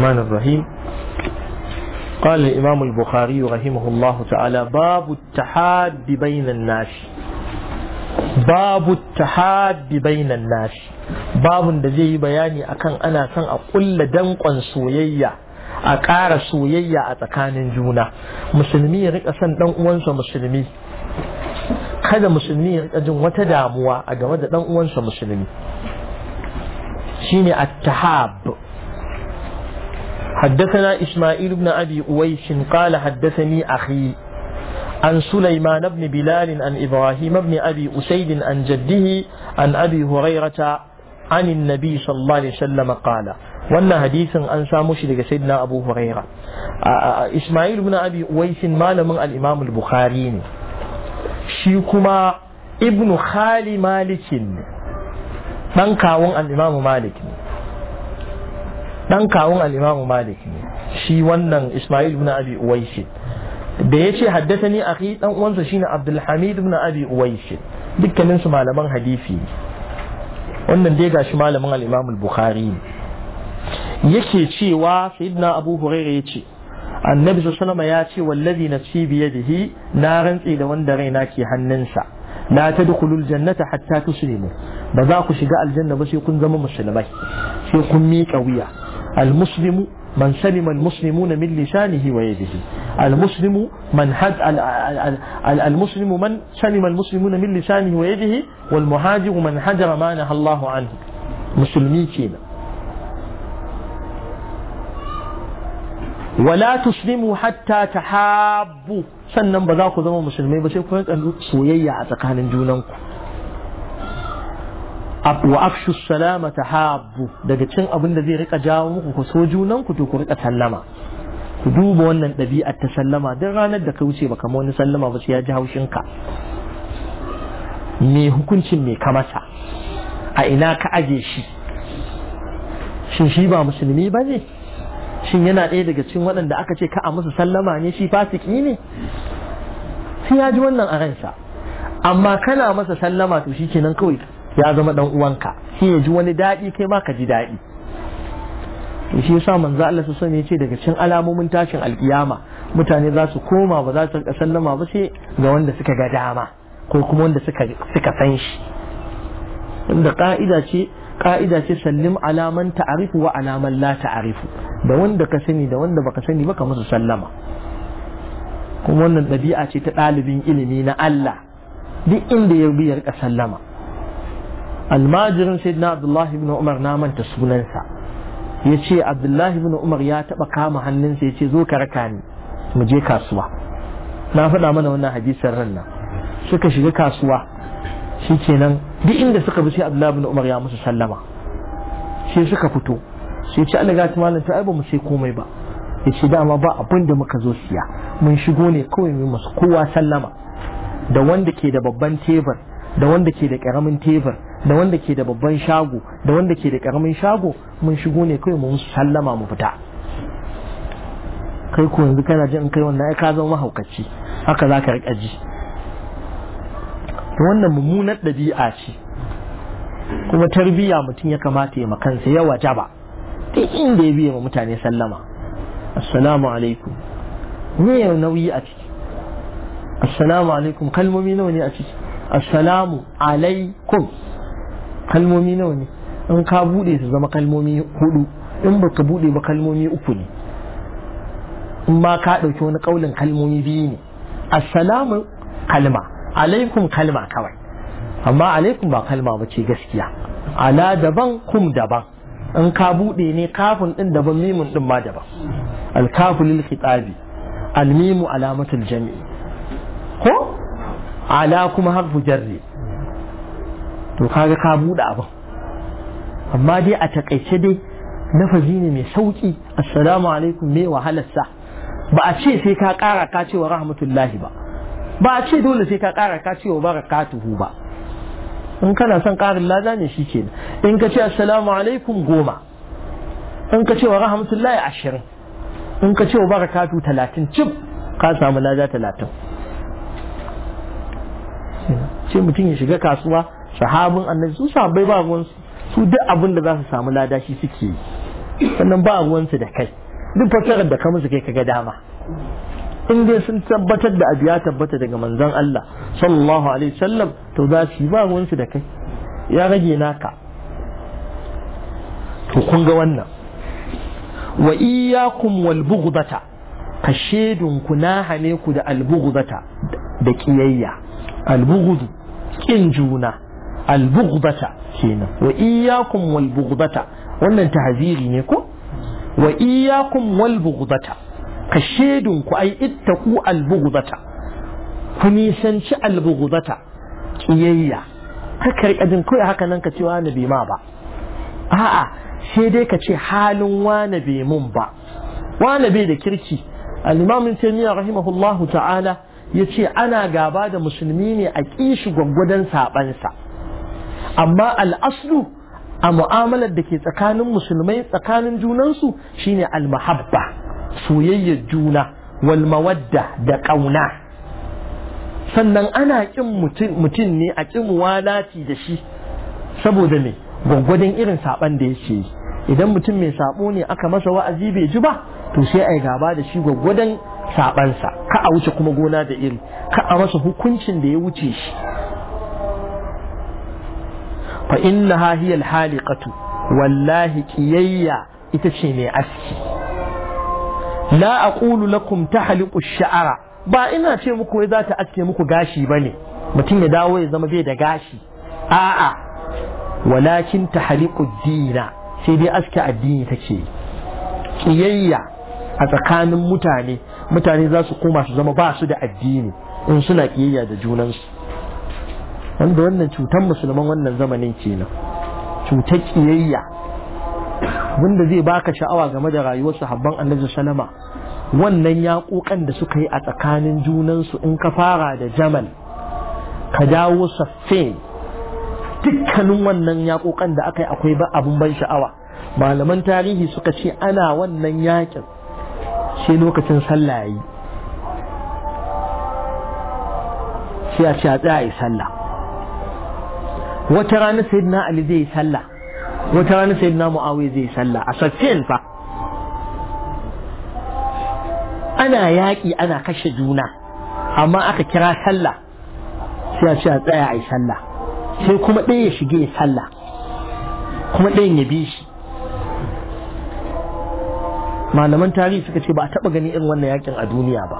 الرحمن الرحيم قال الإمام البخاري رحمه الله تعالى باب التحاد بين الناس باب التحاد بين الناس باب da zai yi bayani akan ana son a kulla danƙon soyayya a ƙara soyayya a tsakanin juna musulmi ya rika son dan uwansa musulmi kada musulmi ya rika jin wata damuwa a game da dan uwansa musulmi shine at-tahab حدثنا إسماعيل بن أبي أويس قال حدثني أخي عن سليمان بن بلال عن إبراهيم بن أبي أسيد عن جده عن أبي هريرة عن النبي صلى الله عليه وسلم قال wannan hadisin an samo shi daga sayyidina Abu Huraira Ismail ibn Abi Uwais malamin al-Imam al-Bukhari ne shi kuma ibnu Khali Malik ne dan kawun al-Imam Malik ne dan kawun al-Imam Malik shi wannan Ismail ibn Abi Uwais da yace haddathani akhi dan uwansa shine Abdul Hamid ibn Abi Uwais dukkanin su malaman hadisi wannan dai gashi malamin al-Imam al-Bukhari yake cewa Sayyidina Abu Hurairah yace annabi sallallahu ya ce wallazi nafsi bi yadihi na rantsi da wanda raina ke hannunsa la tadkhulul jannata hatta tuslimu ba za ku shiga aljanna ba sai kun zama musulmai sai kun miƙa wuya المسلم من سلم المسلمون من لسانه ويده المسلم من حد المسلم من سلم المسلمون من لسانه ويده والمهاجر من حجر ما نهى الله عنه مسلمي كينا ولا تسلموا حتى تحابوا سنن ba za مسلمين بس musulmai سويا sai kun wa afshu salama tahabbu daga cin abin da zai rika jawo muku ku so junan ku to ku rika sallama ku duba wannan ɗabi'ar ta sallama duk ranar da ka wuce baka ma wani sallama ba sai ya ji haushin ka me hukuncin me ka masa a ina ka aje shi shin shi ba musulmi ba ne shin yana ɗaya daga cikin waɗanda aka ce ka a musu sallama ne shi fasiki ne sai ya ji wannan a ransa amma kana masa sallama to shi kenan kawai ya zama dan uwanka shi ya ji wani daɗi kai ma ka ji daɗi to shi yasa manzo Allah su sani yace daga cikin alamomin tashin alkiyama mutane za su koma ba za su rika sallama ba sai ga wanda suka ga dama ko kuma wanda suka suka san shi inda ka'ida ce ka'ida ce sallim alaman ta'arifu wa alaman la ta'arifu da wanda ka sani da wanda baka sani ka musu sallama kuma wannan ɗabi'a ce ta ɗalibin ilimi na Allah duk inda ya bi ya rika sallama almajirin sayyidina abdullahi ibn umar na manta sunansa ya ce abdullahi ibn umar ya taba kama hannunsa ya ce zo ka raka ni mu je kasuwa na faɗa mana wannan hadisin ran nan suka shiga kasuwa shi kenan duk inda suka bi sai abdullahi ibn umar ya musu sallama sai suka fito sai ce Allah gata malam ta ba mu sai komai ba ya ce dama ba abin da muka zo siya mun shigo ne kawai mu masu kowa sallama da wanda ke da babban tebur da wanda ke da karamin tebur da wanda ke da babban shago da wanda ke da karamin shago mun shigo ne kawai mun sallama mu fita kai ko yanzu kana jin kai wannan ai ka zama mahaukaci haka za ka riƙa ji wannan mummunar ɗabi'a ce kuma tarbiyya mutum ya kamata ya makansa ya ba. duk inda ya biya mutane sallama assalamu alaikum ne ya nauyi a ciki assalamu alaikum kalmomi nawa ne a ciki assalamu alaikum kalmomi nawa ne in ka bude su zama kalmomi hudu in baka bude ba kalmomi uku ne in ma ka dauki wani kaulin kalmomi biyu ne assalamu kalma alaikum kalma kawai amma alaikum ba kalma ba ce gaskiya ala daban kum daban in ka bude ne kafin din daban mimun din ma daban alkafu lil khitabi almimu alamatul jami'i ko ala kuma harfu jarri to kaga ka buɗe abin amma dai a takaice dai nafazi ne mai sauki assalamu alaikum me wahalarsa ba a ce sai ka kara ka cewa rahmatullahi ba ba a ce dole sai ka kara ka cewa barakatuhu ba in kana son karin lada ne shi ke in ka ce assalamu alaikum goma in ka cewa rahmatullahi ashirin in ka cewa barakatu talatin cif ka samu lada talatin ce mutum ya shiga kasuwa sahabin annabi su bai ba ruwansu su duk abin da za su samu lada shi suke yi sannan ba ruwansu da kai duk fasarar da ka su kai kaga dama in dai sun tabbatar da abu ya tabbata daga manzon Allah sallallahu alaihi wasallam to za su yi ba ruwansu da kai ya rage naka to kun ga wannan wa iyyakum wal bughdata ka kuna hane ku da al bughdata da kiyayya al bughd kin juna al kenan wa iyyakum wal bughdata wannan tahziri ne ko wa iyyakum wal bughdata ka shedun ku ai ittaku al bughdata ku nisanci al bughdata kiyayya ka karɓa jin kawai haka nan ka ce wani bai ma ba a'a sai dai ka ce halin wani bai mun ba wani bai da kirki al-imam taymiyyah rahimahullahu ta'ala yace ana gaba da musulmi ne a kishi gwaggwadon sabansa amma al'aslu a mu'amalar da ke tsakanin musulmai tsakanin junansu shine almahabba soyayyar juna wal da ƙauna sannan ana ƙin mutum ne a ƙin walati da shi saboda ne gwaggwadon irin saɓan da yake yi idan mutum mai saɓo ne aka masa wa'azi bai ji ba to sai a yi gaba da shi gwaggwadon saɓansa ka a wuce kuma gona da iri ka a masa hukuncin da ya wuce shi fa inna ha hiya haliqatu wallahi ƙiyayya ita ce mai aski la aqulu lakum tahliqu ash-sha'ra ba ina ce muku wai za ta aske muku gashi bane mutum ya dawo ya zama bai da gashi a'a walakin tahliqu ad-dina sai dai aski addini take Ƙiyayya a tsakanin mutane mutane za su koma su zama ba su da addini in suna kiyayya da junansu wanda wannan cutan musulman wannan zamanin kenan cutar kiyayya wanda zai baka sha'awa game da rayuwar sahabban annabi salama wannan yaƙoƙan da suka yi a tsakanin junansu in ka fara da jamal ka dawo saffin dukkanin wannan yaƙoƙan da aka yi akwai ba abun ban sha'awa malaman tarihi suka ce ana wannan yaƙin sai lokacin sallah yi sai a ce a tsaya sallah wata rana na ali zai sallah wata rana na muawiya zai sallah a saffin fa ana yaƙi ana kashe juna amma aka kira sallah sai a ce a tsaya a sallah sai kuma ɗaya ya shige ya sallah kuma ɗayan ya bi shi malaman tarihi suka ce ba a taɓa gani irin wannan yakin a duniya ba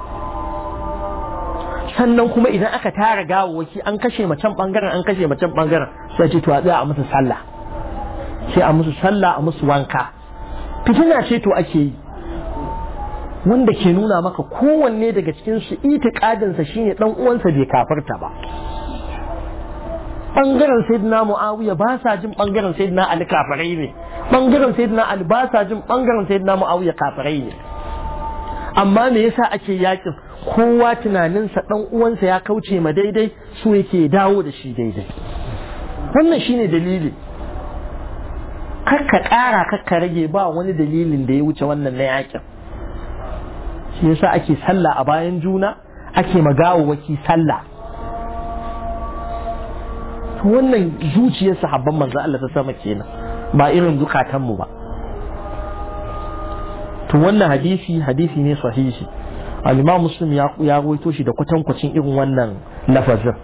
sannan kuma idan aka tara gawawaki an kashe macen ɓangaren an kashe macen ɓangaren sai ce to a a musu sallah sai a musu sallah a musu wanka fitina ce to ake yi wanda ke nuna maka kowanne daga cikin su itiqadinsa shine dan uwansa bai kafarta ba bangaren sayyidina muawiya ba sa jin bangaren sayyidina ali kafirai ne bangaren sayyidina ali ba sa jin bangaren sayyidina muawiya kafirai ne amma me yasa ake yakin kowa tunaninsa ɗan uwansa ya kauce ma daidai su yake dawo da shi daidai wannan shine dalili karka ƙara karka rage ba wani dalilin da ya wuce wannan na yakin shi yasa ake sallah a bayan juna ake waki sallah wannan zuciyar sahabban manzo Allah ta sama kenan ba irin mu ba to wannan hadisi hadisi ne sahihi al-Imam Muslim ya rawaito shi da kwatankwacin irin wannan lafazin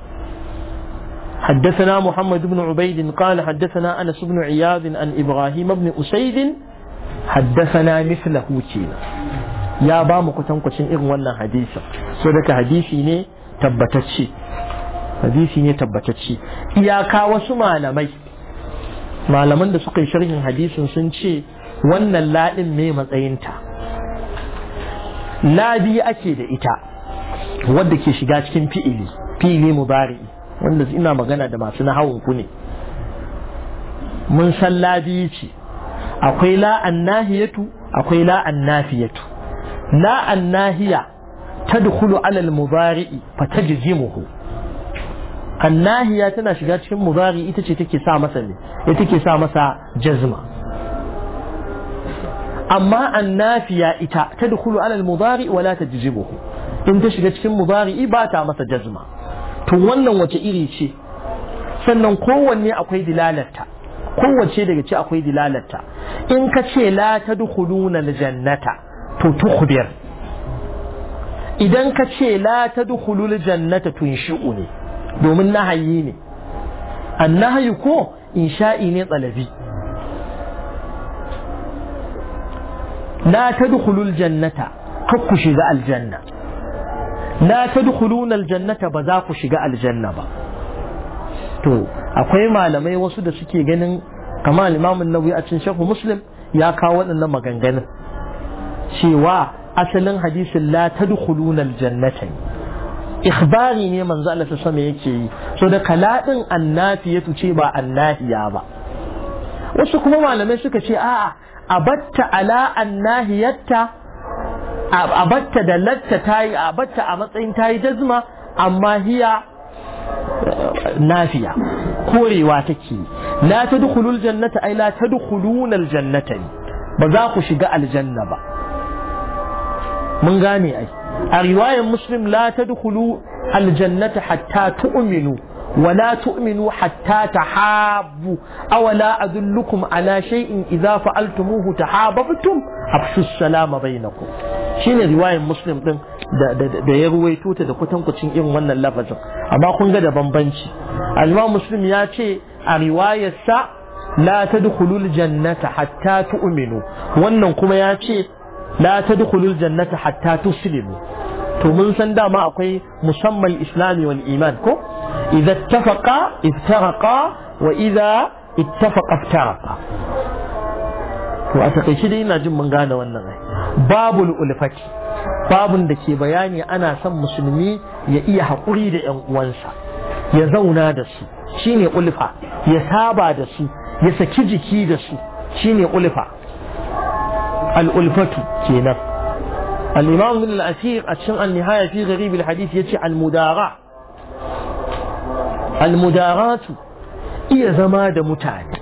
حدثنا محمد بن عبيد قال حدثنا أنس بن عياض عن إبراهيم بن أسيد حدثنا مثله كينا يا با مكتن كتن إغوانا حديثا سودك حديثي ني تبتتشي hadisi ne tabbatacce iyaka wasu malamai malaman da suka yi sharhin hadisin sun ce wannan laɗin me matsayinta labi ake da ita wadda ke shiga cikin fi'ili fi'ili mubari'i wanda ina magana da masu nahawunku ku ne mun san labiyi ce akwai la annahiyatu akwai la annafiyatu la annahiya tadkhulu ala al-mudari'i fatajzimuhu annahiya tana shiga cikin mudari ita ce take sa masa ne ita eh, take sa masa jazma amma annafiya ita tadkhulu ala al-mudari wala tajzimuhu in ta shiga cikin mubari'i ba ta masa jazma to wannan wace iri ce sannan kowanne akwai dilalarta kowace daga ce akwai dilalarta in ka ce la ta jannata to tukhbir idan ka ce la ta jannata tun shi'u ne domin nahayi ne annahayi ko insha'i ne tsalabi la ta dukulul jannata kakku shiga aljanna la tadkhuluna aljannata ba za ku shiga aljanna ba to akwai malamai wasu da suke ganin kamar limamin imam an-Nawawi a cikin Sharh Muslim ya kawo waɗannan maganganun cewa asalin hadisin la tadkhuluna aljannata ikhbari ne manzo Allah sama yake yi so da kaladin annafiyatu ce ba annahiya ba wasu kuma malamai suka ce a'a abatta ala annahiyatta a da latta ta yi a a matsayin ta yi jazma amma hiya eh, nafiya korewa take la ta tadkhulul jannata ay la ta tadkhuluna aljannata ba za ku shiga aljanna ba mun gane ai a riwayar muslim la tadkhulu aljannata hatta tu'minu ولا تؤمنوا حتى تحابوا أولا أدلكم على شيء إذا فعلتموه تحاببتم أبشوا السلام بينكم شين رواية مسلم ɗin da ya ruwaito ta da kutankucin irin wannan lafazin amma kun ga da bambanci al muslim ya ce a riwayarsa la tadkhulul jannata hatta tu'minu wannan kuma ya ce la tadkhulul jannata hatta tuslimu to mun san dama akwai musamman islami wal iman ko إذا اتفق افترق وإذا اتفق افترق وأتقي شدي إن أجم من غانا والنغي باب الألفات باب دكي بياني أنا سم مسلمي يئي أن دعن وانسا يزونا دسي شيني ألفا يسابا دسي يسكيجي كي دسي شيني ألفا الألفات كينا الإمام من الأثير أتشمع النهاية في غريب الحديث يتي عن المدارع almudaratu iya zama da mutane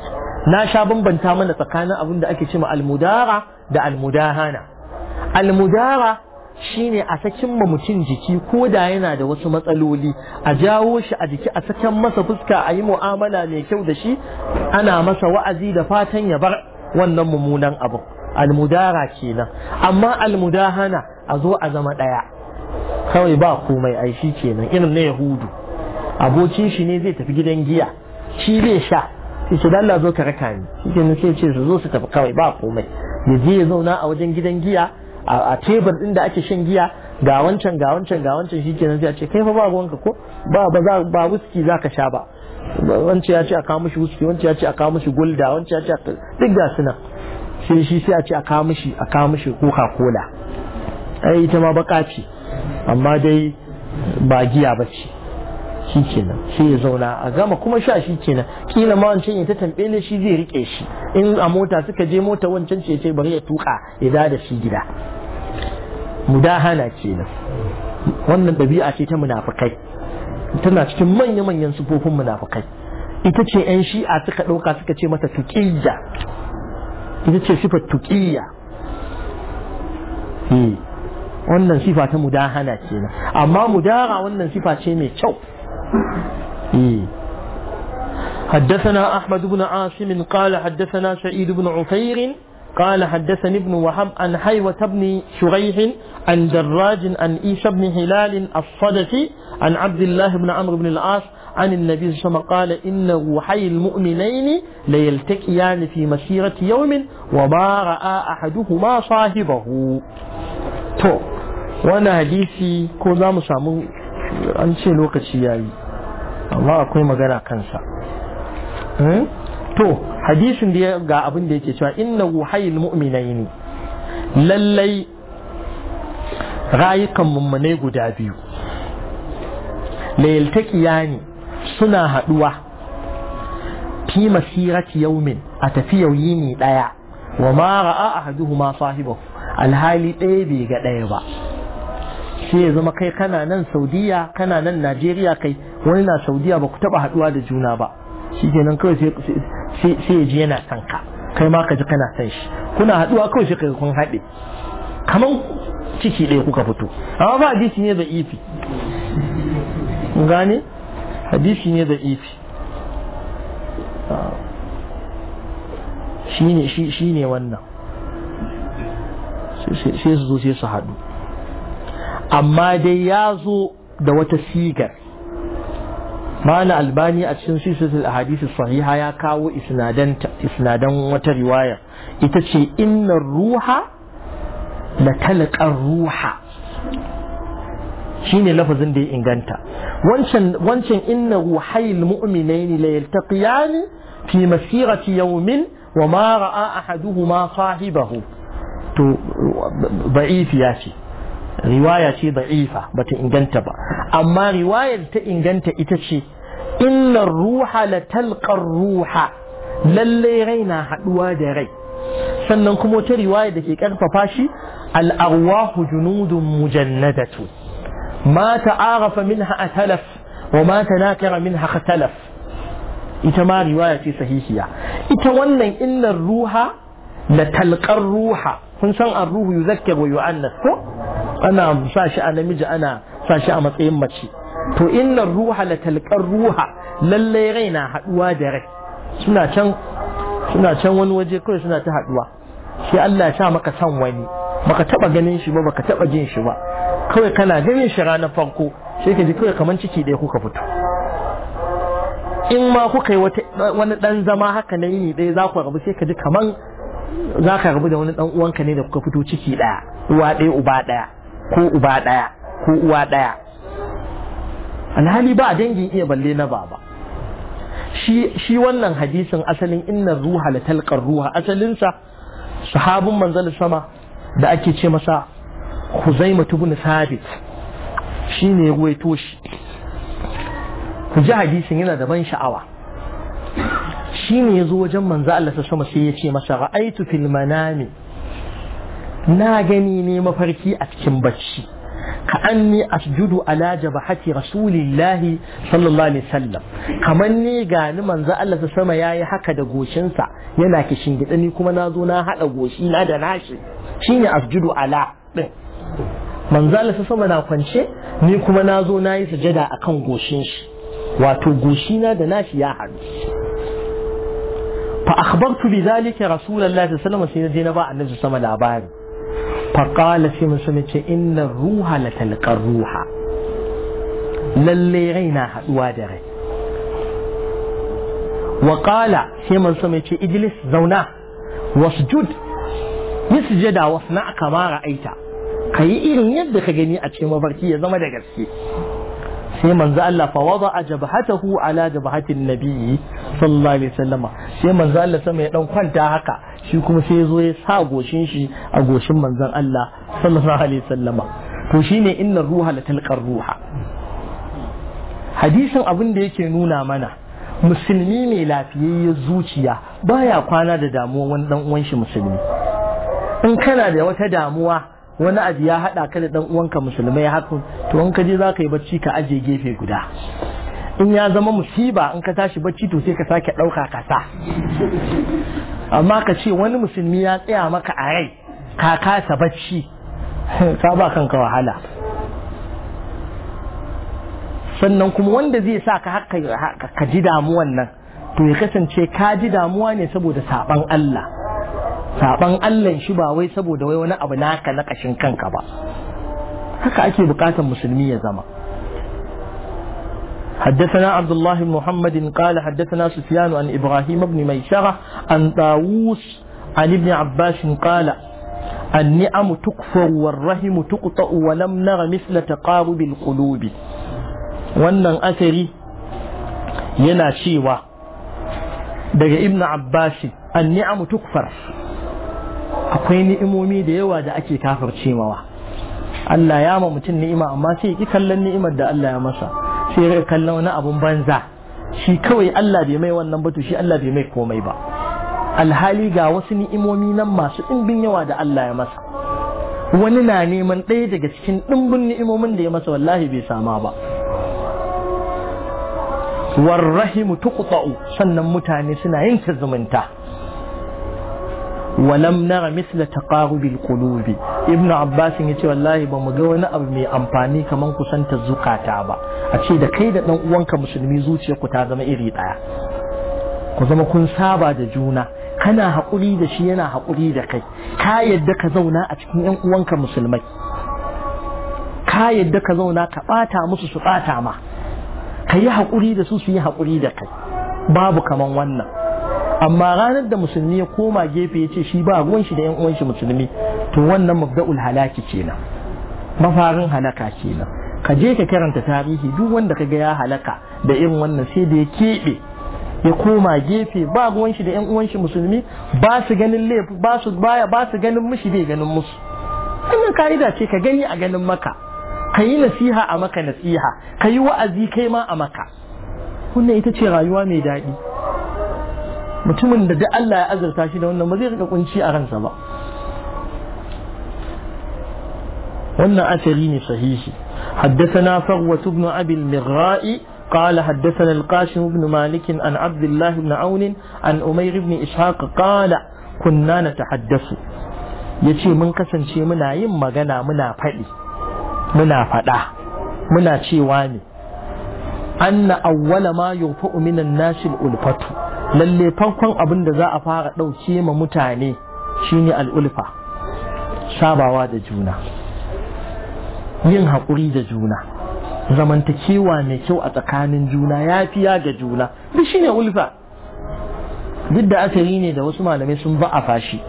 na sha bambanta mana tsakanin abin da ake cema almudara da almudahana almudara shine a sakin ma mutum jiki ko da yana da wasu matsaloli a jawo shi a jiki a saken masa fuska a yi mu'amala mai kyau da shi ana masa wa'azi da fatan ya bar wannan mummunan abu almudara kenan amma almudahana a zo a zama ɗaya kawai ba komai ai kenan irin na yahudu Abocin shi ne zai tafi gidan giya shi zai sha sai ce dalla zo ka raka ni shi ke nufin ce su zo su tafi kawai ba komai ya je ya zauna a wajen gidan giya a tebur din da ake shan giya ga wancan ga wancan ga wancan shi ke nufin ce kai fa ba ruwanka ko ba ba ba wuski sha ba wancan ya ce a kawo mishi wuski wancan ya ce a kawo mishi gulda wancan ya ce a duk ga suna sai shi sai a ce a kawo mishi a kawo mishi coca cola ai ita ma baka ce amma dai ba giya ba ce shi kenan sai ya zauna a gama kuma sha shi kenan kila ma wancan ya ta tambele shi zai rike shi in a mota suka je mota wancan ce ce bari ya tuka ya da da shi gida mudahana kenan wannan ɗabi'a ce ta munafukai tana cikin manya-manyan sufofin munafukai ita ce 'yan shi'a suka ɗauka suka ce mata tuƙiyya ita ce sifar tuƙiyya eh, wannan sifa ta mudahana kenan amma mudara wannan sifa ce mai kyau إيه. حدثنا أحمد بن عاصم قال حدثنا سعيد بن عفير قال حدثني ابن وهب عن حيوة بن شريح عن دراج عن عيسى بن هلال الصدفي عن عبد الله بن عمرو بن العاص عن النبي صلى الله عليه وسلم قال إن وحي المؤمنين ليلتقيان في مسيرة يوم وما رأى أحدهما صاحبه تو وانا حديثي كو سامو an ce amma akwai magana kansa hmm? to hadisin da ga abin da yake cewa inna wuhayil mu'minaini lallai rayukan mummunai guda biyu layaltaqiya ne suna haduwa fi masirati yaumin a yi yini daya wa ma ra'a ahaduhuma sahibahu alhali ɗaya bai ga ɗaya ba sai ya zama kai kana nan saudiya kana nan najeriya kai wani na saudiya ba ku taba haduwa da juna ba shi nan kawai sai ya ji yana son ka kai ma ka ji kana son shi kuna haduwa kawai sai kai kun haɗe kamar ciki ɗaya kuka fito amma ba hadisi ne da ifi gane hadisi ne da ifi shi ne wannan sai su zo sai su haɗu amma dai ya zo da wata sigar mana albani a cikin sisir hadisi sahiha ya kawo isnadan wata riwaya ita ce inna ruha na talakar ruha shine lafazin da ya inganta wancan inna ruhayil mu'minaini la yaltaqiyani fi masirati yawmin wa ma ra'a ahaduhuma sahibahu to ba'ifi ya ce riwaya ce da'ifa bata inganta ba amma riwayar ta inganta ita ce inna ruha la talqar ruha lalle rai na haduwa da rai sannan kuma wata riwaya da ke karfafa shi al-arwahu junudun mujannadatu ma ta'arafa minha atalaf wa ma tanakara minha khatalaf ita ma riwaya ce sahihiya ita wannan inna ruha la talqar ruha kun san ar-ruhu yuzakkar wa yu'annas ko ana sa shi a namiji ana sa shi a matsayin mace to inna ruha la talqar ruha lalle rai na haduwa da rai suna can suna can wani waje kawai suna ta haduwa shi Allah ya sa maka san wani baka taba ganin shi ba baka taba jin shi ba kawai kana ganin shi ranar farko sai ka ji kawai kaman ciki ɗaya kuka fito in ma kuka yi wani dan zama haka na yini ɗaya za ku rabu sai ka kaman za ka rabu da wani dan uwanka ne da kuka fito ciki ɗaya uwa ɗaya uba daya. ko uba ɗaya ko uwa ɗaya alhali ba dangin iya balle na baba shi wannan hadisin asalin inna ruha la talqar ruha asalinsa sahabin manzal sama da ake ce masa huzaimatu ibn Sabit shine ruwaito shi ku ji hadisin yana da ban sha'awa shine yazo wajen manzo Allah sama sai ya ce masa ra'aitu fil manami na gani ne mafarki a cikin bacci ka anni asjudu ala jabahati rasulillahi sallallahu alaihi sallam. kamar ni gani manzo Allah su sama yayi haka da goshinsa yana kishin gida ni kuma nazo na hada goshi na da nashi a asjudu ala din manzo Allah su sama na kwance ni kuma nazo nayi sujada akan goshin shi wato goshi na da nashi ya hadu fa akhbartu bi zalika rasulullahi sallallahu alaihi wasallam sai na je na ba annabi sama labari faƙala sai musulmi ce inna ruha la talqar ruha lalle rai na haɗuwa da rai waƙala sai musulmi ce ijlis zauna wasjud yi sujada wasna kama ra'aita ka yi irin yadda ka gani a cikin mafarki ya zama da gaske sai manzo Allah fa wada jabhatahu ala jabhatin nabiyyi sallallahu alaihi wasallam sai manzo Allah sama ya dan kwanta haka shi kuma sai zo ya sa goshin shi a goshin manzon Allah sallallahu alaihi wasallam to shine inna ruha la talqar ruha hadisin abin da yake nuna mana musulmi mai lafiyayye zuciya baya kwana da damuwa wani dan uwan shi musulmi in kana da wata damuwa wani abu ya haɗa ka da ɗan uwanka musulmai haka to in ka je za ka yi bacci ka ajiye gefe guda in ya zama musiba in ka tashi bacci to sai ka sake ɗauka ka sa amma ka ce wani musulmi ya tsaya maka a rai ka kasa bacci ka ba kanka wahala sannan kuma wanda zai sa ka haka ka ji damuwan nan to ya kasance ka ji damuwa ne saboda saban Allah saban Allah shi ba wai saboda wai wani abu naka na kashin kanka ba haka ake bukatar musulmi ya zama حدثنا عبد الله بن محمد قال حدثنا سفيان عن إبراهيم بن ميسرة عن طاووس عن ابن عباس قال النعم تكفر والرحم تقطع ولم نر مثل تقارب القلوب wannan asari yana cewa daga ibn abbas an tukfar akwai ni'imomi da yawa da ake kafar mawa Allah ya ma mutum ni'ima amma sai ki kallon ni'imar da Allah ya masa sai ya kallon wani abun banza shi kawai Allah bai mai wannan batu shi Allah bai mai komai ba alhali ga wasu ni'imomi nan masu ɗimbin yawa da Allah ya masa wani na neman ɗaya daga cikin ɗimbin ni'imomin da ya masa wallahi bai sama ba warrahimu tuqta'u sannan mutane suna yanke zumunta walam nara misla taqarubil qulubi ibnu abbas yace wallahi ba mu ga wani abu mai amfani kaman kusanta zukata ba a ce da kai da dan uwanka musulmi zuciya ku ta zama iri daya ku zama kun saba da juna kana haƙuri da shi yana haƙuri da kai ka yadda ka zauna a cikin yan uwanka musulmai ka yadda ka zauna ka bata musu su ɓata ma ka yi haƙuri da su su yi haƙuri da kai babu kaman wannan amma ranar da musulmi ya koma gefe ya ce shi ba ruwan shi da yan uwan shi musulmi to wannan mabda'ul halaki kenan mafarin halaka kenan ka je ka karanta tarihi duk wanda ka ga ya halaka da irin wannan sai da ya keɓe ya koma gefe ba ruwan shi da yan uwan shi musulmi ba su ganin laifi ba su baya ba su ganin mushi bai ganin musu wannan ka'ida ce ka gani a ganin maka ka yi nasiha a maka nasiha ka yi wa'azi kai ma a maka wannan ita ce rayuwa mai daɗi mutumin da duk Allah ya azurta shi da wannan ba zai rika kunci a ransa ba wannan asali ne sahihi حدثنا فروة بن أبي المغراء قال حدثنا القاسم بن مالك عن عبد الله بن عون عن أمير بن إسحاق قال كنا نتحدث يتي من كسن شي منا يم مغنا منا فدي منا فدا منا شي واني أن أول ما يرفع من الناس الألفة lalle farkon abin da za a fara ɗauke ma mutane shine al'ulfa sabawa da juna yin haƙuri da juna zamantakewa mai kyau a tsakanin juna ya fiya ga juna duk shine ulfa duk da asali ne da wasu malamai sun ba a fashi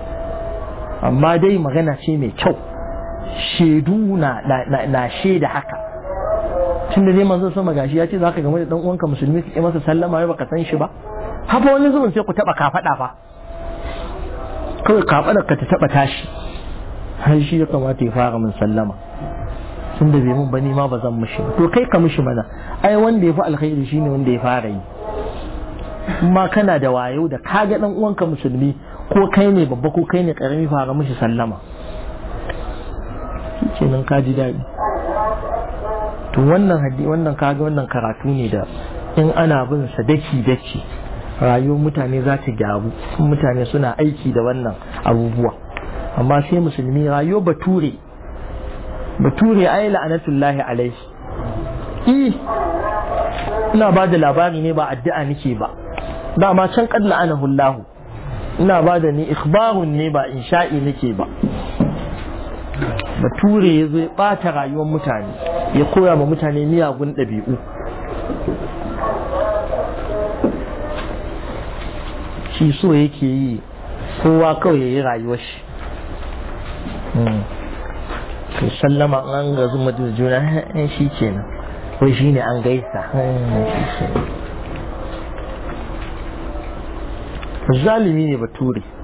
amma dai magana ce mai kyau shaidu na shaida haka tun da zai zan sama gashi ya ce za ka game da ɗan uwanka musulmi ka masa sallama ya baka san shi ba hafa wani zubin sai ku taba kafada fa kawai kafadar ka ta taba tashi har shi ya kamata ya fara min sallama sun da bai mun bani ma ba zan mishi to kai ka mishi mana ai wanda ya fi alkhairi shine wanda ya fara yi ma kana da wayo da ka ga dan uwanka musulmi ko kai ne babba ko kai ne karami fara mushi sallama kenan ka ji daɗi to wannan hadi wannan kaga wannan karatu ne da in ana bin sa daki daki rayuwar mutane za ta gyaru mutane suna aiki da wannan abubuwa amma sai musulmi rayuwar bature bature ai la'anatullahi alaihi Eh, ina ba da labari ne ba addu'a nake ba dama can kad la'anahullahu ina ba da ni ikhbarun ne ba insha'i nake ba bature ya zo ya bata rayuwar mutane ya koya ma mutane miyagun ɗabi'u shi so yake yi kowa kawai ya yi rayuwar shi ke hmm. sallama an ga zuma da juna eh, shi kenan ko shi ne an gaisa hmm. zalimi ne baturi